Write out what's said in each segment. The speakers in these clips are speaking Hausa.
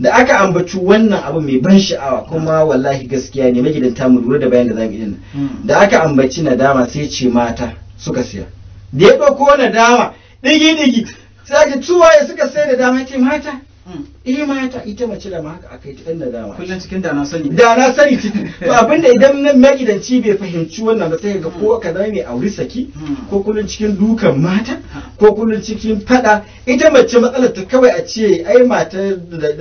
da aka ambaci wannan abu mai ban sha'awa kuma wallahi gaskiya ne magidanta mu lura da bayan da zamu yi hmm. da aka ambaci nadama sai ce mata suka siya da ya ɗauko nadama digi digi sai ake tuwaye suka sai da dama ce mata hmm. eh mata ita mace da ma haka aka yi ta ɗan nadama kullum cikin da na sani da na sani ciki to abinda idan na magidanci bai fahimci wannan ba sai ga ko ka zama mai auri saki hmm. ko kullum cikin dukan mata ko kullum cikin fada ita mace matsalar ta kawai a ce ai matar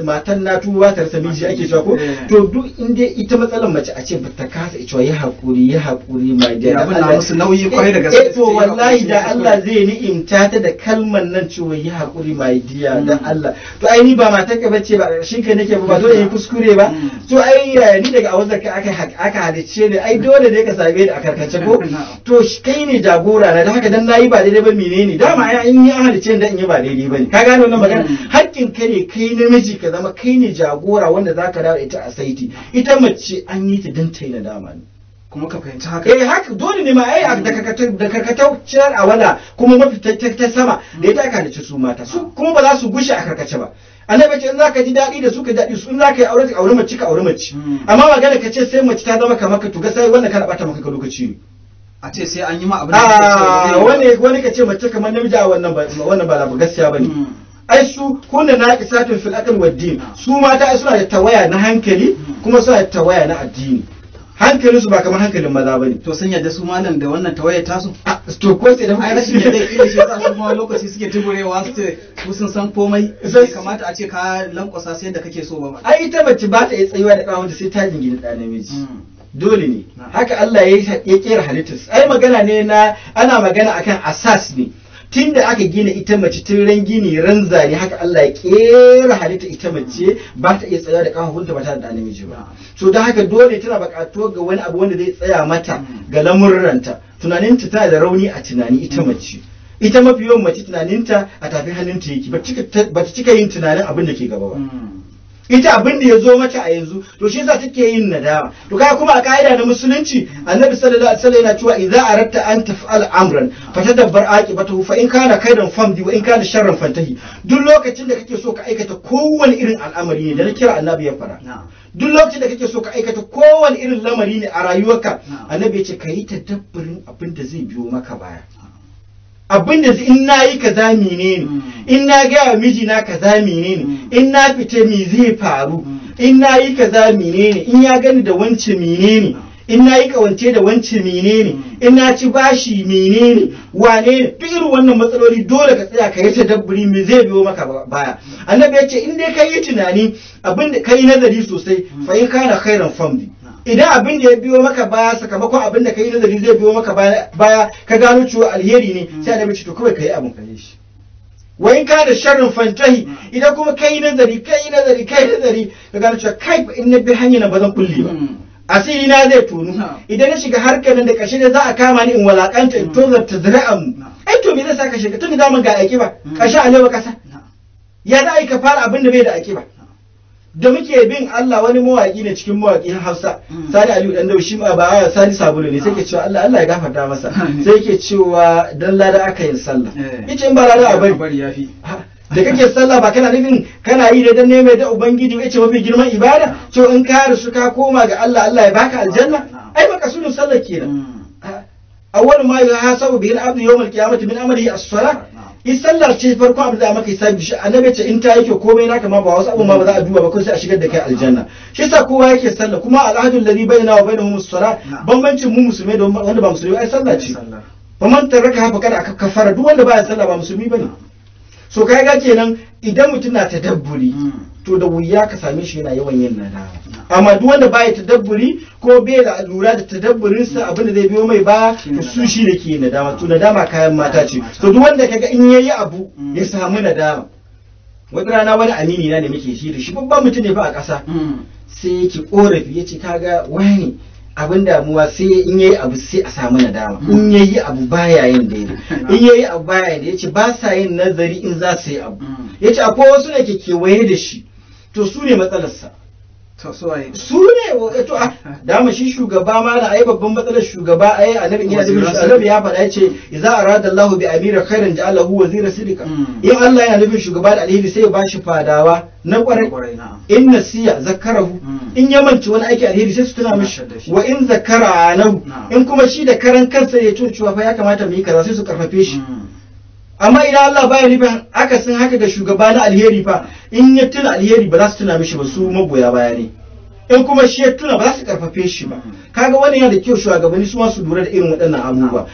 matan na tuba ta rasa miji ake cewa ko eh. to duk inda ita matsalar mace a ce ba ta kasa cewa ya hakuri ya hakuri ma da Allah musu nauyi kwarai da gaske eh, to wallahi da Allah zai ni'imta ta da kalmar nan cewa ya hakuri ma diya da hmm. Allah to ai ni ba mata take bacci ba shi kai nake ba dole yi kuskure ba to ai ni daga awazar ka aka aka halice ne ai dole ne ka sabe da a karkace ko to kai ne jagora na da haka dan nayi ba daidai ba menene dama ai in ni halice dan in yi ba daidai ba ne ka gane wannan magana hakkin ka ne kai namiji ka zama kai ne jagora wanda zaka dawo ita a saiti ita mace an yi ta dan ta na dama ne kuma ka fahimci haka eh haka dole ne ma ai da a awala kuma mafi ta sama da ita aka halice su mata su kuma ba za su gushe a karkace ba annabi ce in zaka ji daɗi da su ka daɗi su in zaka yi aure ka aure mace ka aure mace hmm. amma magana ka ce sai mace ta zama kamar ka to ga sai wannan kana bata maka ka lokaci ne a ce sai an yi ma abin da ah, wani wani ka ce mace kamar namiji a wannan ba wannan ba labu gaskiya bane hmm. ai su kunna na isatun fil aql wad din ah. su mata ai suna da tawaya na hankali hmm. kuma suna da tawaya na addini hankalin su ba kamar hankalin maza ba ne to sun yadda su malam da wannan tawayar tasu to ko sai da ai A yadda ilimi shi yasa su ma lokaci suke tuburewa su ce su sun san komai sai kamata a ce ka lankwasa sai da kake so ba ai ita mace ba ta yi tsayuwa da da sai ta jingina ɗa namiji hmm. dole ne haka Allah ya kera halittar ai magana ne na ana magana akan asas ne tun da aka gina ita mace tun ran gini ran zane haka Allah ya kera halitta ita mace ba ta iya tsaya da kafafunta ba ta da namiji ba so don haka dole tana bakato ga wani abu wanda zai tsaya mata ga lamurranta tunaninta tana da rauni a tunani ita mace ita mafi yawan mace tunaninta a tafi hannunta yake ba ta cika yin tunanin abin da ke gaba ba hmm. ita abin da ya zo mata a yanzu to shi yasa take yin nadama to kai kuma a ka'ida na musulunci annabi sallallahu alaihi wasallam yana cewa idza aratta an taf'al amran tadabbar aqibatahu fa in kana kaidan famdi wa in kana sharran fantahi duk lokacin da kake so ka aikata kowanne irin al'amari ne da na kira annabi ya fara duk lokacin da kake so ka aikata kowane irin lamari ne a rayuwarka annabi ya ce ka yi tadabburin abin da zai biyo maka baya abin da in na yi kaza menene mm. in na gaya mijina kaza menene mm. in na fita me zai faru mm. in na yi kaza menene in ya gani da wance menene in na yi kawance da wance menene in na ci bashi menene wane ne duk irin wannan matsaloli dole ka tsaya ka yi dabburi me zai biyo maka baya annabi ya ce in dai ka yi tunani abinda da ka yi nazari sosai fa in kana khairan famdi idan abin da ya biyo maka baya sakamakon abin da ka yi nazari zai biyo maka baya ka gano cewa alheri ne sai da ce to kawai kai abin ka yi shi wa ka da sharrin fantahi idan kuma kai nazari kai nazari kai nazari ka gano cewa kai in na bi hanyar na bazan kulle ba hmm. asiri na zai tonu hmm. idan na shiga harkar nan da kashe ne za a kama ni in walakanta in hmm. tozarta zira'an mu ai to me zai sa ka shiga tun da zamu ga aiki ba kashe alewa kasa ya za a yi ka fara abin da bai da aiki ba da muke bin Allah wani mawaki ne cikin mawaƙi Hausa mm. Sani Aliyu dan dau shi ba ah, Sani Sabulu ne sai ke ah. cewa Allah Allah ya gafarta masa sai ke cewa dan lada aka yin sallah eh. yace in ba lada a bari yafi da kake sallah ba kana nufin kana yi da dan ne mai da ubangiji yace mafi girman ibada to in ka rusu ka koma ga Allah Allah ya baka aljanna ah. ai baka sunu sallah kenan mm. awwal ma yuhasabu bihi al-abdu yawm al-qiyamati min amalihi as-salah sallar ce farko abin da maka hisabi shi annabi ce in ta yake komai naka ma ba wasu abin ma ba za a duba ba kai sai a shigar da kai aljanna shi yasa kowa yake sallah kuma al'adul ladhi bainana wa bainahum as-salah bambancin mu da wanda ba musulmi ai sallah ce fa man taraka haka kada aka kafara duk wanda baya sallah ba musulmi bane so kai ga kenan idan mutum na dabburi. Hmm. to da wuya ka same shi yana yawan yin nadama amma duk wanda baya tadabburi ko bai da lura da tadabburinsa abinda zai biyo mai ba, to su shi dake ke nadama to nadama kayan mata ce to duk wanda kaga in yayi abu mm. ya samu nadama wata rana wani amini na ne muke shi da shi babban mutum ne ba a ƙasa mm. sai yake korafi yace kaga wani abin damuwa sai in yayi abu sai a samu nadama mm. in yayi abu baya yin daidai in yayi abu baya yin yace ba sa yin nazari in za su yi abu yace akwai wasu da ke kewaye da shi to su ne matsalarsa su ne eh, to a ah, dama shi shugaba ma da ai babban matsalar shugaba ai iya ya dubi annabi ya faɗa yace idza arada Allah bi amira khairan ja'ala hu wazira sidika hmm. in Allah ya nufin shugaba da alheri sai ya bashi fadawa na kwarai in nasiya zakarahu hmm. in ya manci wani aiki alheri sai su tuna mishi wa in zakara anahu in kuma shi da karan kansa ya cewa fa ya kamata mu yi kaza sai su karfafe shi hmm. amma idan Allah baya aka san haka da shugaba na alheri fa in ya tuna alheri ba za su tuna mishi ba su magoya baya ne in kuma shi ya tuna ba za su karfafe shi ba kaga wani yana da kyau shugabanni su ma su lura da irin waɗannan abubuwa